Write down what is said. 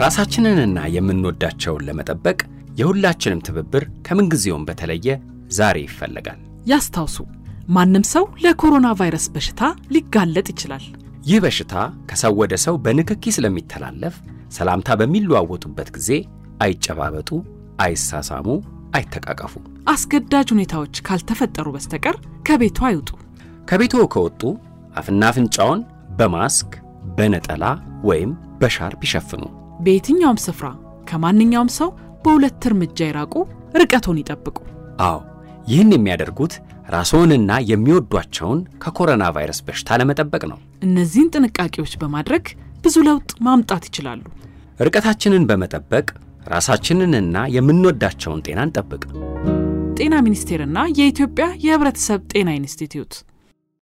ራሳችንንና የምንወዳቸውን ለመጠበቅ የሁላችንም ትብብር ከምንጊዜውም በተለየ ዛሬ ይፈለጋል። ያስታውሱ፣ ማንም ሰው ለኮሮና ቫይረስ በሽታ ሊጋለጥ ይችላል። ይህ በሽታ ከሰው ወደ ሰው በንክኪ ስለሚተላለፍ ሰላምታ በሚለዋወጡበት ጊዜ አይጨባበጡ፣ አይሳሳሙ፣ አይተቃቀፉ። አስገዳጅ ሁኔታዎች ካልተፈጠሩ በስተቀር ከቤቱ አይውጡ። ከቤቱ ከወጡ አፍና አፍንጫውን በማስክ በነጠላ ወይም በሻርፕ ይሸፍኑ። በየትኛውም ስፍራ ከማንኛውም ሰው በሁለት እርምጃ ይራቁ፣ ርቀቶን ይጠብቁ። አዎ ይህን የሚያደርጉት ራስዎንና የሚወዷቸውን ከኮሮና ቫይረስ በሽታ ለመጠበቅ ነው። እነዚህን ጥንቃቄዎች በማድረግ ብዙ ለውጥ ማምጣት ይችላሉ። ርቀታችንን በመጠበቅ ራሳችንንና የምንወዳቸውን ጤና እንጠብቅ። ጤና ሚኒስቴርና የኢትዮጵያ የሕብረተሰብ ጤና ኢንስቲትዩት